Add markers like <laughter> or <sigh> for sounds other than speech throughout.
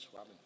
schwammen.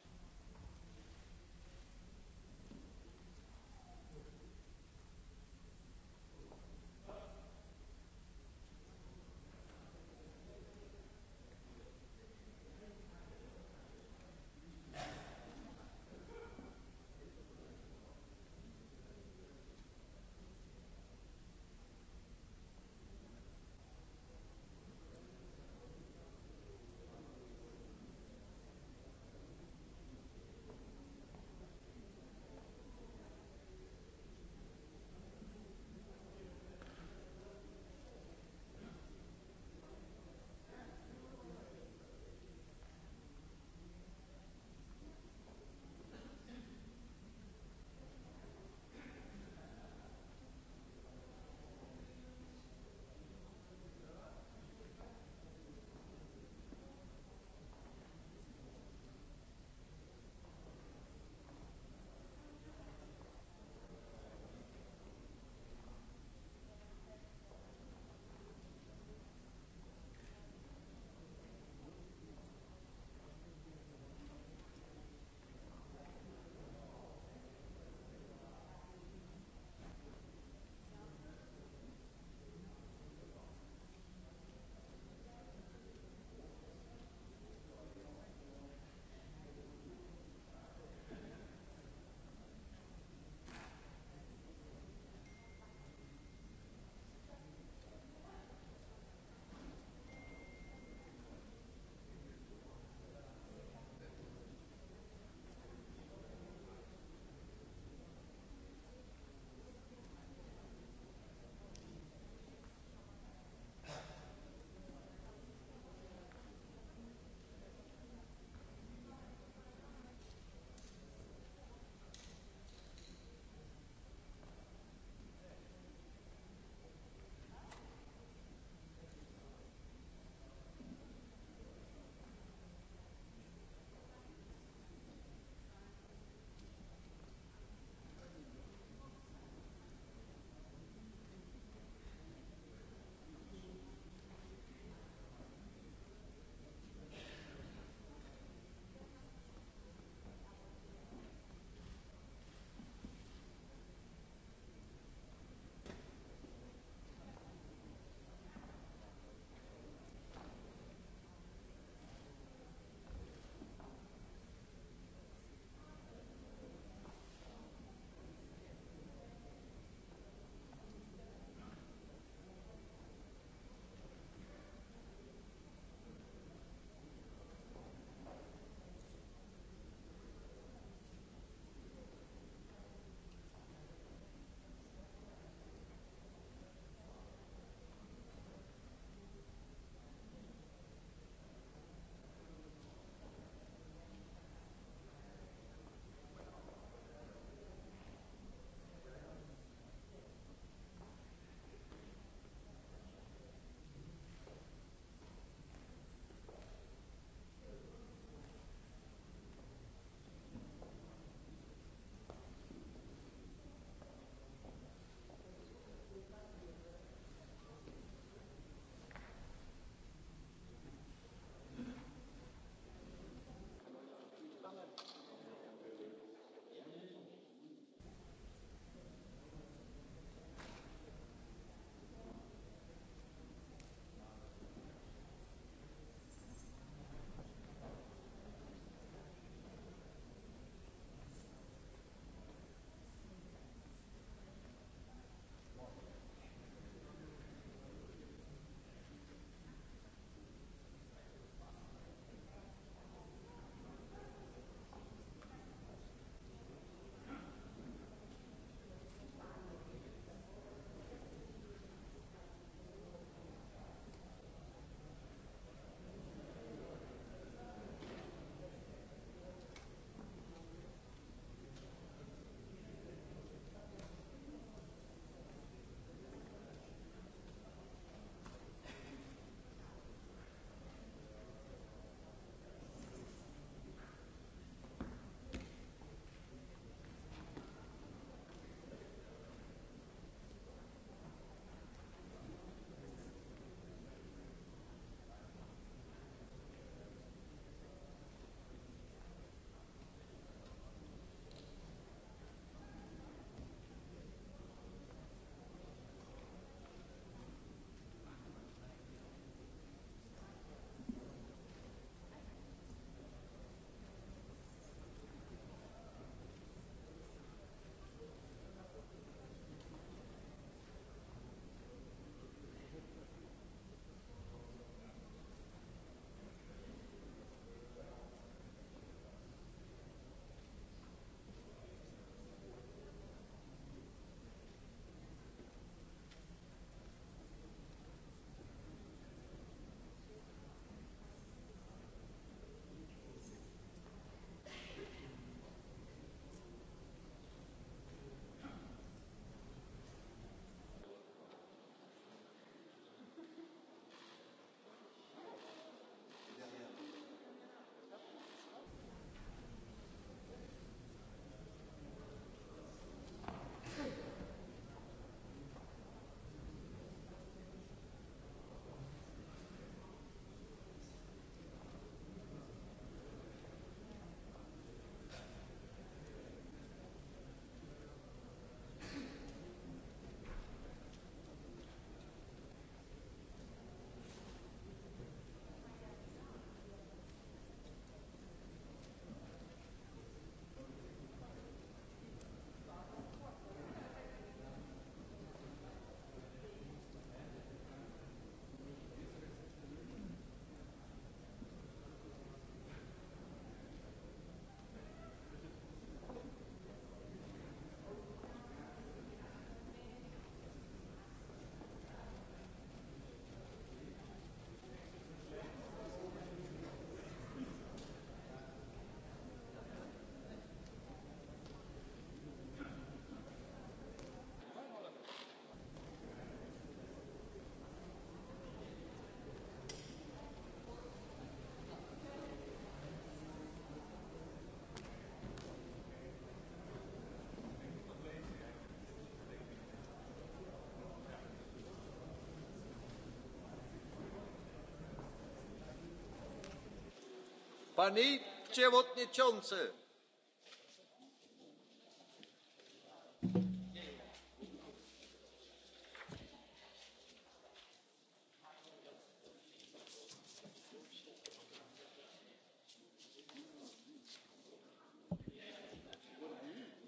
Pani przewodniczący!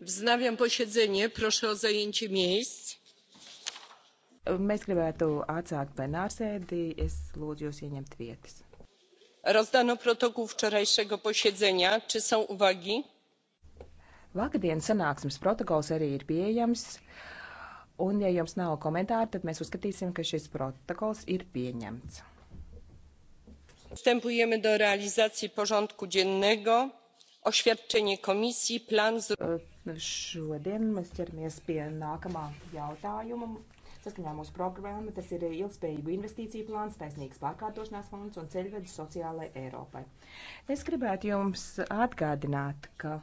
Wznawiam posiedzenie. Proszę o zajęcie miejsc. Mēs gribētu atsākt plenārsēdi. Es lūdzu jūs ieņemt vietas rozdano protokół wczorajszego posiedzenia czy są uwagi? Vakardienas sanāksmes protokols arī ir pieejams. Un, ja jums nav komentāru, tad mēs uzskatīsim, ka šis protokols ir pieņemts. Wstępujemy do realizacji porządku dziennego. Oświadczenie komisji, plan. Šodien mēs ķeramies pie nākamā jautājuma. Saskaņā mūsu programma tas ir ilgspējīgu investīciju plāns, taisnīgs pārkārtošanās fonds un ceļvedis sociālai Eiropai. Es gribētu jums atgādināt, ka.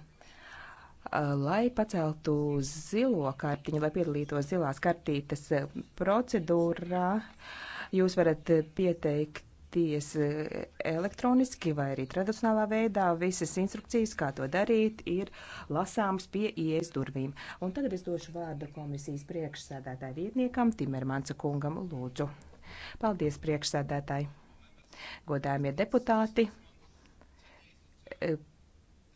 Lai paceltu zilo kartiņu, lai piedalītos zilās kartītes procedūrā, jūs varat pieteikt ties e, elektroniski vai arī tradicionālā veidā. Visas instrukcijas, kā to darīt, ir lasāmas pie ieejas durvīm. Un tagad es došu vārdu komisijas priekšsēdētāja vietniekam Timermansa kungam lūdzu. Paldies priekšsēdētāji. Godājumie deputāti. E,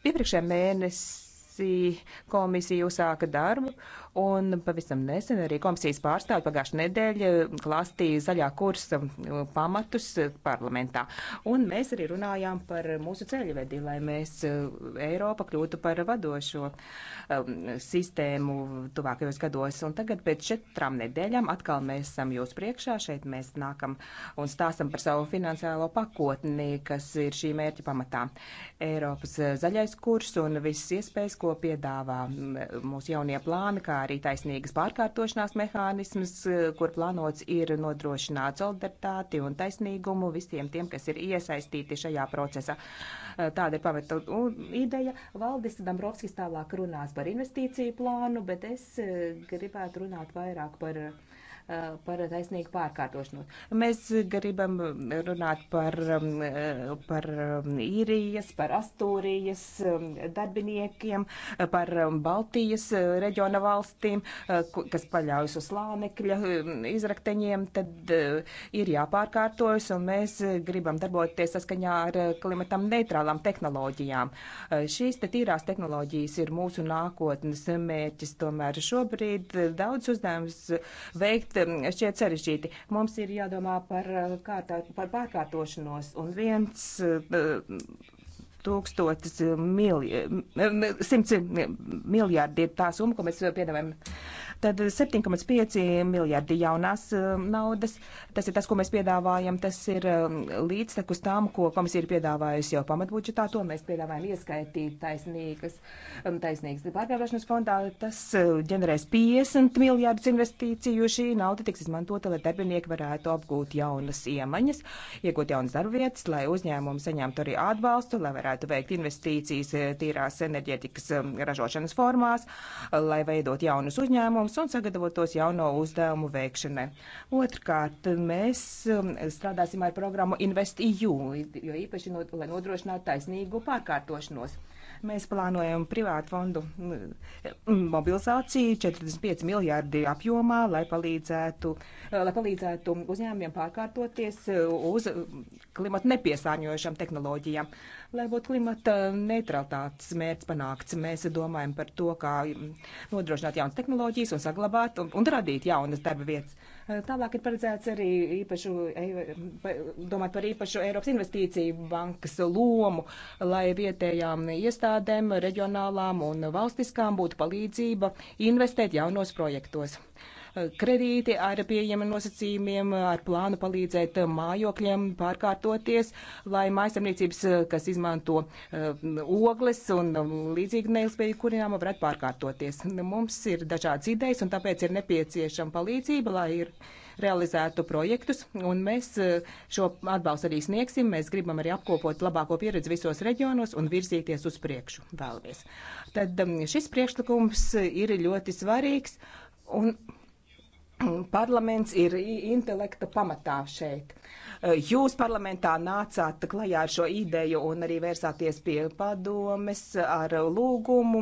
Iepriekšējā mēnesī Vīnesi komisija uzsāka darbu, un pavisam nesen arī komisijas pārstāvi pagājušā nedēļa klāstīja zaļā kursa pamatus parlamentā. Un mēs arī runājām par mūsu ceļvedi, lai mēs eh, Eiropa kļūtu par vadošo um, sistēmu tuvākajos gados. Un tagad pēc četrām nedēļām atkal mēs esam jūs priekšā, šeit mēs nākam un stāstam par savu finansiālo pakotni, kas ir šī mērķa pamatā. Eiropas eh, zaļais kurs un visas iespējas, ko ko piedāvā mūsu jaunie plāni, kā arī taisnīgas pārkārtošanās mehānisms, kur plānots ir nodrošināt solidaritāti un taisnīgumu visiem tiem, kas ir iesaistīti šajā procesā. Tāda ir pamata ideja. Valdis Dambrovskis tālāk runās par investīciju plānu, bet es gribētu runāt vairāk par Uh, par taisnīgu pārkārtošanos. Mēs gribam runāt par, um, uh, par um, īrijas, par Astūrijas um, darbiniekiem, uh, par Baltijas reģiona valstīm, kas paļaujas uz slānekļa izrakteņiem, tad ir jāpārkārtojas, un mēs gribam darboties saskaņā ar klimatam neitrālām tehnoloģijām. Šīs te tīrās tehnoloģijas ir mūsu nākotnes mērķis, tomēr šobrīd daudz uzdevums veikt kļūst mm, šķiet sarežģīti. Mums ir jādomā par, uh, kārtā, par pārkārtošanos un viens uh, tūkstotis miljardi, simts miljardi ir tā summa, ko mēs piedāvājam Tad 7,5 miljardi jaunās um, naudas, tas ir tas, ko mēs piedāvājam, tas ir um, līdztekus tam, ko komisija ir piedāvājusi jau pamatbudžetā, to mēs piedāvājam ieskaitīt taisnīgas, um, taisnīgas pārgāvēšanas fondā, tas uh, ģenerēs 50 miljārdus investīciju, šī nauda tiks izmantota, lai darbinieki varētu apgūt jaunas iemaņas, iegūt jaunas darbvietas, lai uzņēmumi saņemtu arī atbalstu, lai varētu veikt investīcijas uh, tīrās enerģētikas ražošanas formās, uh, lai veidot jaunus uzņēmumus uzdevumus un sagatavotos jauno uzdevumu veikšanai. Otrkārt, mēs um, strādāsim ar programmu InvestEU, jo īpaši, no, lai nodrošinātu taisnīgu pārkārtošanos. Mēs plānojam privātu fondu mm, mobilizāciju 45 miljārdi apjomā, lai palīdzētu, lai palīdzētu uzņēmumiem pārkārtoties uz klimatu nepiesāņojušām tehnoloģijām. Lai būtu klimata neutralitātes mērķis panākts, mēs domājam par to, kā nodrošināt jaunas tehnoloģijas un saglabāt un, un radīt jaunas darba vietas. Tālāk ir paredzēts arī īpašu, e, domāt par īpašu Eiropas investīciju bankas lomu, lai vietējām iestādēm, reģionālām un valstiskām būtu palīdzība investēt jaunos projektos kredīti ar pieejamiem nosacījumiem, ar plānu palīdzēt mājokļiem pārkārtoties, lai mājasemniecības, kas izmanto eh, ogles un um, līdzīgi neilgspējīgi kurināma, varētu pārkārtoties. Mums ir dažādas idejas un tāpēc ir nepieciešama palīdzība, lai ir realizētu projektus, un mēs eh, šo atbalstu arī sniegsim. Mēs gribam arī apkopot labāko pieredzi visos reģionos un virzīties uz priekšu vēlreiz. Tad um, šis priekšlikums ir ļoti svarīgs, un <clears throat> Parlaments ir intelekta pamatā šeit. Eh, jūs parlamentā nācāt klajā ar šo ideju un arī vērsāties pie padomes ar lūgumu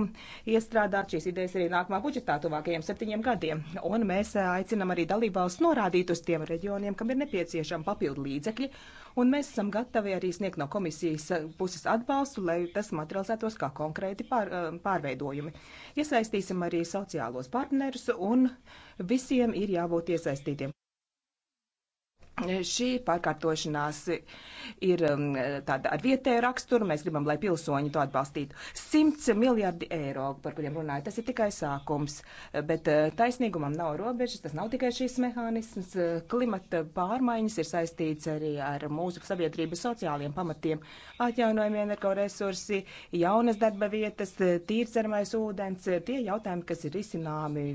iestrādāt šīs idejas arī nākamā budžetā tuvākajiem septiņiem gadiem. Un mēs eh, aicinam arī dalībvalsts norādīt uz tiem reģioniem, kam ir nepieciešama papildu līdzekļi. Un mēs esam gatavi arī sniegt no komisijas eh, puses atbalstu, lai tas materializētos kā konkrēti pār, pārveidojumi. Iesaistīsim arī sociālos partnerus un Visiem ir jābūt iesaistītiem. Šī pārkārtošanās ir um, tāda ar vietēju raksturu. Mēs gribam, lai pilsoņi to atbalstītu. 100 miljardi eiro, par kuriem runāju, tas ir tikai sākums. Bet uh, taisnīgumam nav robežas, tas nav tikai šīs mehānisms. Uh, klimata pārmaiņas ir saistīts arī ar mūsu sabiedrības sociāliem pamatiem. Atjaunojumi energoresursi, jaunas darba vietas, tīrdzermais ūdens - tie jautājumi, kas ir risināmi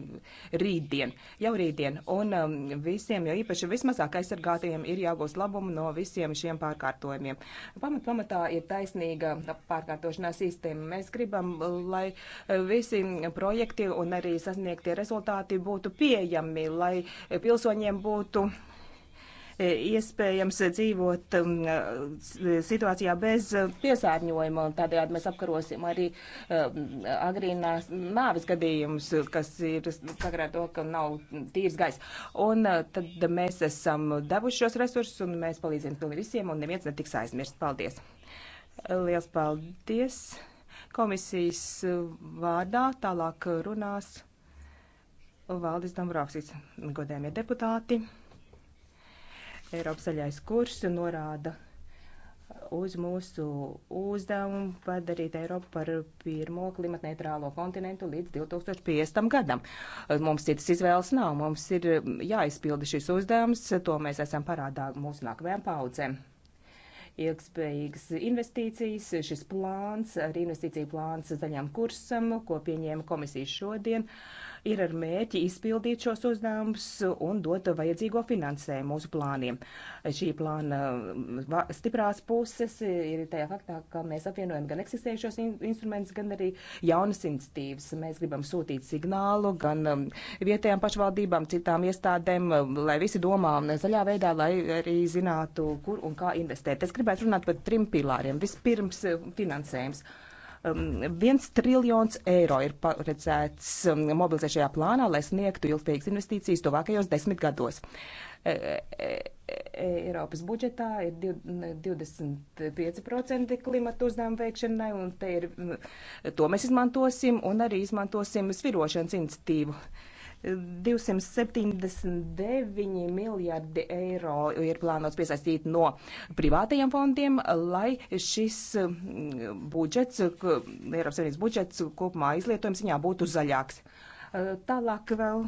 rītdien, jau rītdien. Un um, visiem, jo īpaši vismazāk aizsargā advokātiem ir jāgūst labumu no visiem šiem pārkārtojumiem. Pamat pamatā ir taisnīga pārkārtošanās sistēma. Mēs gribam, lai e, visi projekti un arī sasniegtie rezultāti būtu pieejami, lai pilsoņiem būtu iespējams dzīvot um, situācijā bez piesārņojuma. Tādējādi mēs apkarosim arī um, agrīnās nāves gadījumus, kas ir sakarā to, ka nav tīrs gaiss. Un uh, tad mēs esam devuši šos resursus un mēs palīdzam pilnīgi visiem un neviens netiks aizmirst. Paldies! Liels paldies! Komisijas vārdā tālāk runās Valdis Dombrovskis, godējumie deputāti. Eiropas zaļais kurs norāda uz mūsu uzdevumu padarīt Eiropu par pirmo klimatneitrālo kontinentu līdz 2050. gadam. Mums citas izvēles nav, mums ir jāizpilda šis uzdevums, to mēs esam parādā mūsu nākamajām paudzēm. Ilgspējīgas investīcijas, šis plāns, arī investīcija plāns zaļam kursam, ko pieņēma komisija šodien, ir ar mērķi izpildīt šos uzdevumus un dot vajadzīgo finansējumu mūsu plāniem. Šī plāna mm, stiprās puses ir tajā faktā, ka mēs apvienojam gan eksistējušos instrumentus, gan arī jaunas iniciatīvas. Mēs gribam sūtīt signālu gan mm, vietējām pašvaldībām, citām iestādēm, mm, lai visi domā zaļā veidā, lai arī zinātu, kur un kā investēt. Es gribētu runāt par trim pilāriem. Vispirms finansējums. Um, viens triljons eiro ir paredzēts um, mobilizēt šajā plānā, lai sniegtu ilgspējīgas investīcijas tuvākajos desmit gados. E, e, e, Eiropas budžetā ir 25% klimatu uzdevumu veikšanai, un ir, to mēs izmantosim, un arī izmantosim svirošanas iniciatīvu. Uh, 279 miljardi eiro ir plānots piesaistīt no privātajiem fondiem, lai šis budžets, Eiropas Savienības budžets kopumā izlietojums viņā būtu zaļāks. Tālāk vēl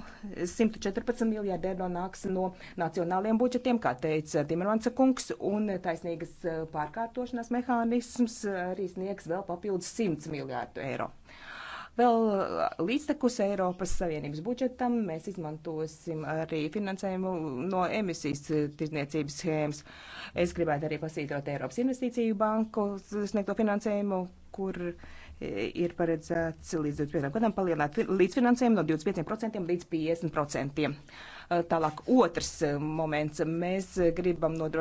114 miljārdi eiro nāks no nacionāliem budžetiem, kā teica Timermansa kungs, un taisnīgas pārkārtošanās mehānisms arī sniegs vēl papildus 100 miljārdu eiro. Vēl uh, līdztekus Eiropas Savienības budžetam mēs izmantosim arī finansējumu no emisijas tirdzniecības schēmas. Es gribētu arī pasītrot Eiropas Investīciju banku sniegto finansējumu, kur e, ir paredzēts līdz 25 gadam palielināt līdzfinansējumu no 25% līdz 50%. Tālāk otrs e, moments. Mēs gribam nodrošināt.